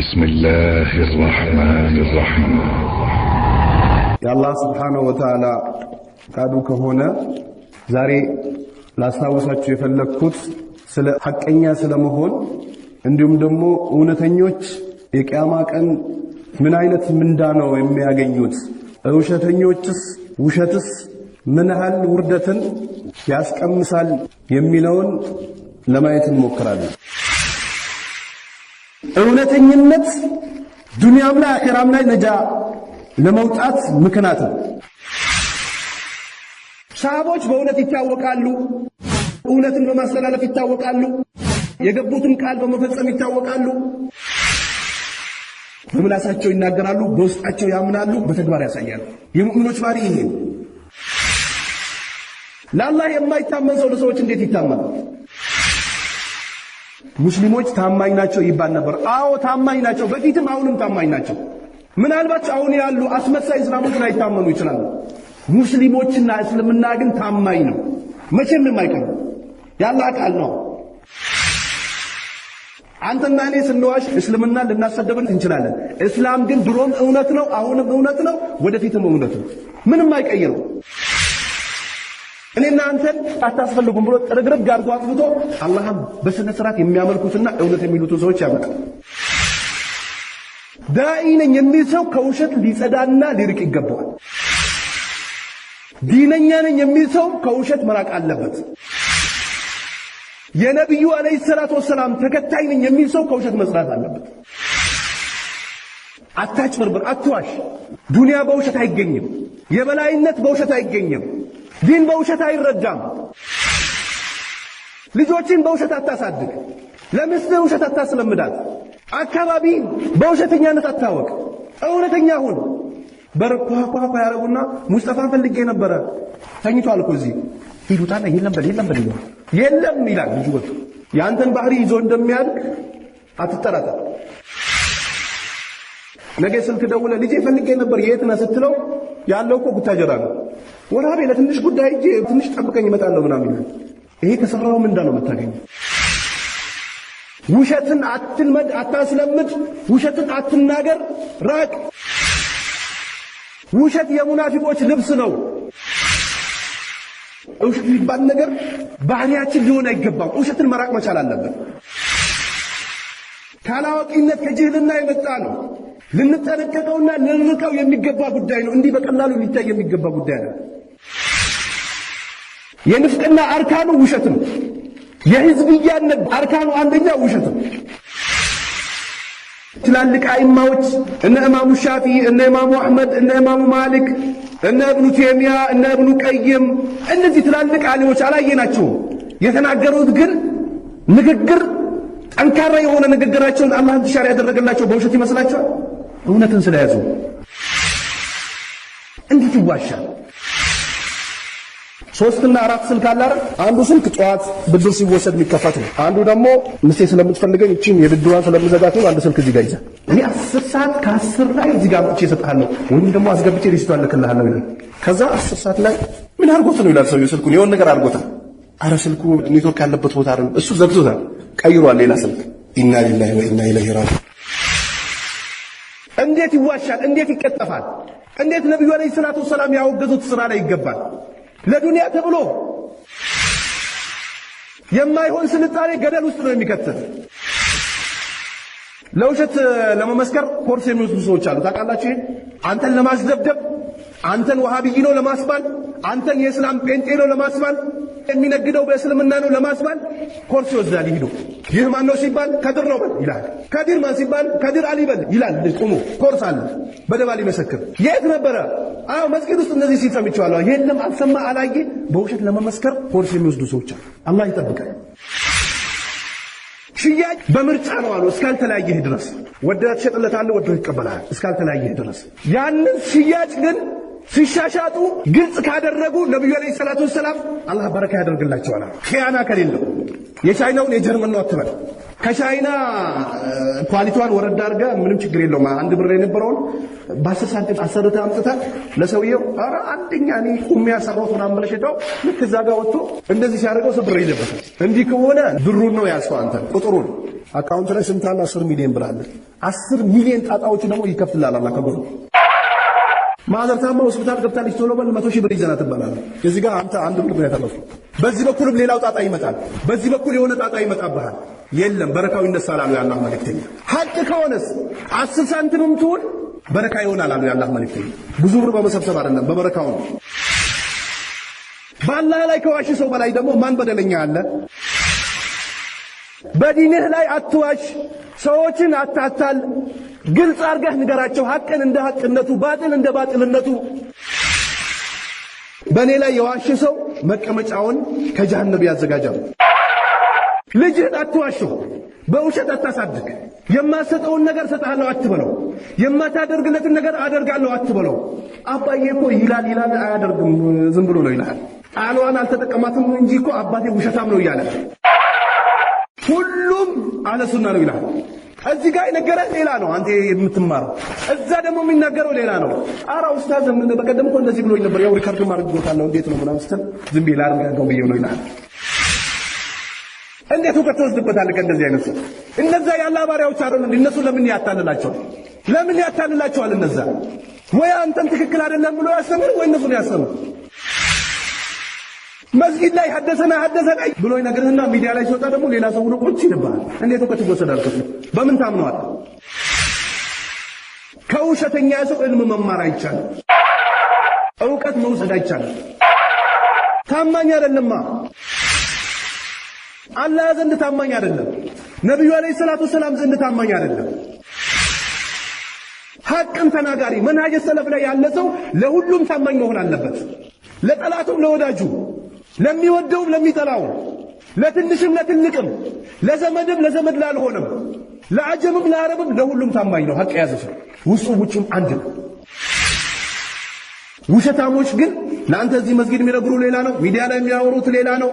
بسم الله الرحمن الرحيم يا الله سبحانه وتعالى ቃሉ ከሆነ ዛሬ ላስታውሳችሁ የፈለግኩት ስለ ሐቀኛ ስለመሆን እንዲሁም ደግሞ እውነተኞች የቅያማ ቀን ምን አይነት ምንዳ ነው የሚያገኙት፣ ውሸተኞችስ ውሸትስ ምን ያህል ውርደትን ያስቀምሳል የሚለውን ለማየት እንሞክራለን። እውነተኝነት ዱንያም ላይ አኼራም ላይ ነጃ ለመውጣት ምክንያት ነው። ሰሃቦች በእውነት ይታወቃሉ። እውነትን በማስተላለፍ ይታወቃሉ። የገቡትን ቃል በመፈጸም ይታወቃሉ። በምላሳቸው ይናገራሉ፣ በውስጣቸው ያምናሉ፣ በተግባር ያሳያሉ። የሙእሚኖች ባሪ ይሄ። ለአላህ የማይታመን ሰው ለሰዎች እንዴት ይታመናል? ሙስሊሞች ታማኝ ናቸው ይባል ነበር። አዎ ታማኝ ናቸው፣ በፊትም አሁንም ታማኝ ናቸው። ምናልባት አሁን ያሉ አስመሳይ እስላሞች ላይታመኑ ይችላሉ። ሙስሊሞችና እስልምና ግን ታማኝ ነው፣ መቼም የማይቀር ያለ ቃል ነው። አንተና እኔ ስንዋሽ እስልምና ልናሰደብን እንችላለን። እስላም ግን ድሮም እውነት ነው፣ አሁንም እውነት ነው፣ ወደፊትም እውነት ነው። ምንም አይቀይረው። እኔ እናንተን አታስፈልጉም ብሎ ጥርግርግ አድርጎ አጥፍቶ አላህም በስነ ስርዓት የሚያመልኩትና እውነት የሚሉትን ሰዎች ያመጣል። ዳኢ ነኝ የሚል ሰው ከውሸት ሊጸዳና ሊርቅ ይገባዋል። ዲነኛ ነኝ የሚል ሰው ከውሸት መራቅ አለበት። የነቢዩ አለይሂ ሰላት ወሰላም ተከታይ ነኝ የሚል ሰው ከውሸት መስራት አለበት። አታጭበርብር፣ አትዋሽ። ዱንያ በውሸት አይገኝም። የበላይነት በውሸት አይገኝም። ዲን በውሸት አይረዳም። ልጆችን በውሸት አታሳድግ። ለምስትህ ውሸት አታስለምዳት። አካባቢን በውሸተኛነት አታወቅ። እውነተኛ ሁን። በር ኳኳኳ ያደረጉና ሙስጠፋን ፈልጌ ነበረ ተኝቷል እኮ እዚህ ሂዱታና የለም በል የለም በል የለም ይላል ልጁ። ወጥ የአንተን ባህሪ ይዞ እንደሚያድግ አትጠራጠር። ነገ ስልክ ደውለ ልጄ ፈልጌ ነበር የት ነህ ስትለው ያለው እኮ ቡታጀራ ነው። ወራቤ ለትንሽ ጉዳይ እጄ ትንሽ ጠብቀኝ እመጣለሁ ምናምን ይላል። ይሄ ከሰራው ምንዳ ነው የምታገኘው። ውሸትን አትልመድ፣ አታስለምድ። ውሸትን አትናገር፣ ራቅ። ውሸት የሙናፊቆች ልብስ ነው። ውሸት የሚባል ነገር ባህሪያችን ሊሆን አይገባም። ውሸትን መራቅ መቻል አለብን። ካላዋቂነት ከጅህልና የመጣ ነው። ልንጠነቀቀውና ልንርቀው የሚገባ ጉዳይ ነው። እንዲህ በቀላሉ ሊታይ የሚገባ ጉዳይ ነው። የንፍቅና አርካኑ ውሸት ነው። የህዝብያነት አርካኑ አንደኛ ውሸት ነው። ትላልቅ አይማዎች እነ ኢማሙ ሻፊ፣ እነ ኢማሙ አሕመድ፣ እነ ኢማሙ ማሊክ፣ እነ እብኑ ቴሚያ፣ እነ እብኑ ቀይም እነዚህ ትላልቅ አሊሞች አላየናቸውም። የተናገሩት ግን ንግግር ጠንካራ የሆነ ንግግራቸውን አላህ እንዲሻር ያደረገላቸው በውሸት ይመስላቸዋል። እውነትን ስለያዙ እንዴት ይዋሻል? ሶስትና አራት ስልክ አለ አይደል? አንዱ ስልክ ጠዋት ብድር ሲወሰድ የሚከፈት ነው። አንዱ ደግሞ ምስቴ ስለምትፈልገኝ እቺን የብድሯን ስለምዘጋት ነው። አንድ ስልክ እዚህ ጋር ይዘህ እኔ አስር ሰዓት ከአስር ላይ እዚህ ጋር አምጥቼ እሰጥሃለሁ ወይም ደግሞ አስገብቼ ሪሲቱን እልክልሃለሁ ይላል። ከዛ አስር ሰዓት ላይ ምን አድርጎት ነው ይላል ሰውዬው። ስልኩን የሆነ ነገር አድርጎታል። አረ ስልኩ ኔትወርክ ያለበት ቦታ አይደለም፣ እሱ ዘግቶታል፣ ቀይሯል ሌላ ስልክ። ኢና ሊላሂ ወኢና ኢለይሂ ራጂዑን። እንዴት ይዋሻል? እንዴት ይቀጠፋል? እንዴት ነቢዩ አለይሂ ሰላቱ ወሰላም ያወገዙት ስራ ላይ ይገባል? ለዱንያ ተብሎ የማይሆን ስልጣኔ ገደል ውስጥ ነው የሚከተት። ለውሸት ለመመስከር ኮርስ የሚወስዱ ሰዎች አሉ። ታውቃላችሁ? አንተን ለማስደብደብ፣ አንተን ወሃቢይ ነው ለማስባል፣ አንተን የእስላም ጴንጤ ነው ለማስባል የሚነግደው በእስልምና ነው ለማስባል ኮርስ ይወስዳል። ይሄዱ ይህ ማን ነው ሲባል ከድር ነው በል ይላል። ከድር ማን ሲባል ከድር አሊ በል ይላል። ቁሙ ኮርስ አለ። በደባል ሊመሰክር የት ነበረ? አዎ መስጊድ ውስጥ እንደዚህ ሲል ሰምቼዋለሁ። የለም አልሰማ አላየ። በውሸት ለመመስከር ኮርስ የሚወስዱ ሰዎች አሉ። አላህ ይጠብቃል። ሽያጭ በምርጫ ነው አሉ። እስካልተለያየህ ድረስ ወደ ትሸጥለታለህ፣ ወደ ይቀበላል እስካልተለያየህ ድረስ ያንን ሽያጭ ግን ሲሻሻጡ ግልጽ ካደረጉ ነቢዩ ዓለይሂ ሰላቱ ወሰላም አላህ በረካ ያደርግላቸዋል። ኪያና ከሌለው የቻይናውን የጀርመን ነው አትበል። ከቻይና ኳሊቲዋን ወረዳ አድርጋ ምንም ችግር የለውም። አንድ ብር የነበረውን በአስር ሳንቲም አሰርተ አምጥታ ለሰውየው ኧረ አንደኛ እኔ ቁሜ ያሰራሁት ምናምን ብለሽ ሄደው ልክ እዛ ጋር ወጥቶ እንደዚህ ሲያደርገው ስብር ይዘበታል። እንዲህ ከሆነ ብሩን ነው ያዝከው አንተ ቁጥሩን አካውንት ላይ ስንት አለ? አስር ሚሊዮን ብላለ። አስር ሚሊዮን ጣጣዎቹ ደግሞ ይከፍትላል አላህ ከጎኑ ማዘር ታማ ሆስፒታል ገብታለች። ቶሎ በል መቶ ሺህ ብር ይዘና ትባላለህ። እዚህ ጋር አንተ አንድ ብር ነው ያተረፉ። በዚህ በኩልም ሌላው ጣጣ ይመጣል። በዚህ በኩል የሆነ ጣጣ ይመጣብሃል። የለም በረካው ይነሳል አሉ የአላህ መልእክተኛ። ሀቅ ከሆነስ አስር ሳንቲምም ትሁን በረካ ይሆናል አሉ የአላህ መልእክተኛ። ብዙ ብር በመሰብሰብ አይደለም በበረካው ነው። በአላህ ላይ ከዋሽ ሰው በላይ ደግሞ ማን በደለኛ አለ? በዲንህ ላይ አትዋሽ፣ ሰዎችን አታታል። ግልጽ አርገህ ንገራቸው። ሐቅን እንደ ሐቅነቱ፣ ባጥል እንደ ባጥልነቱ። በእኔ ላይ የዋሸ ሰው መቀመጫውን ከጀሃነብ ያዘጋጃል። ልጅህን አትዋሸው በውሸት አታሳድግ። የማሰጠውን ነገር ሰጥሃለሁ አትበለው። የማታደርግለትን ነገር አደርጋለሁ አትበለው። አባዬ እኮ ይላል ይላል አያደርግም፣ ዝም ብሎ ነው ይልሃል። ቃሏን አልተጠቀማትም እንጂ እኮ አባቴ ውሸታም ነው እያለ ሁሉም አለሱና ነው ይልሃል። እዚህ ጋር የነገረ ሌላ ነው። አንተ የምትማረው እዛ ደግሞ የሚናገረው ሌላ ነው። አራ ኡስታዝ በቀደም እኮ እንደዚህ ብሎኝ ነበር፣ ያው ሪከርድ አድርጎታለሁ እንዴት ነው ምናምን ስትል ዝም ብላ አድርጋው ብዬ ነው ይላል። እንዴት እውቀት ትወስድበታለህ ከእንደዚህ አይነት ሰው? እነዛ ያለ አባሪያዎች አይደሉ? እነሱ ለምን ያታልላቸዋል? ለምን ያታልላቸዋል? እነዛ ወይ አንተን ትክክል አይደለም ብሎ ያስተምር ወይ እነሱ ነው ያስተምር መስጊድ ላይ ሀደሰና ሀደሰና ብሎ ይነግርህና ሚዲያ ላይ ሲወጣ ደግሞ ሌላ ሰው ሆኖ ቁጭ ይልብሃል። እንዴት እውቀት ይወሰዳል? በምን ታምነዋል? ከውሸተኛ ሰው እልም መማር አይቻልም። እውቀት መውሰድ አይቻልም። ታማኝ አይደለማ። አላህ ዘንድ ታማኝ አይደለም። ነቢዩ አለይሂ ሰላቱ ሰላም ዘንድ ታማኝ አይደለም። ሐቅን ተናጋሪ መንሃጀ ሰለፍ ላይ ያለ ሰው ለሁሉም ታማኝ መሆን አለበት፣ ለጠላቱም ለወዳጁ ለሚወደውም ለሚጠላውም፣ ለትንሽም ለትልቅም፣ ለዘመድም ለዘመድ ላልሆነም፣ ለአጀምም ለአረብም ለሁሉም ታማኝ ነው። ሀቅ የያዘ ሰው ውስጡም ውጭም አንድ ነው። ውሸታሞች ግን ለአንተ እዚህ መስጊድ የሚነግሩ ሌላ ነው፣ ሚዲያ ላይ የሚያወሩት ሌላ ነው።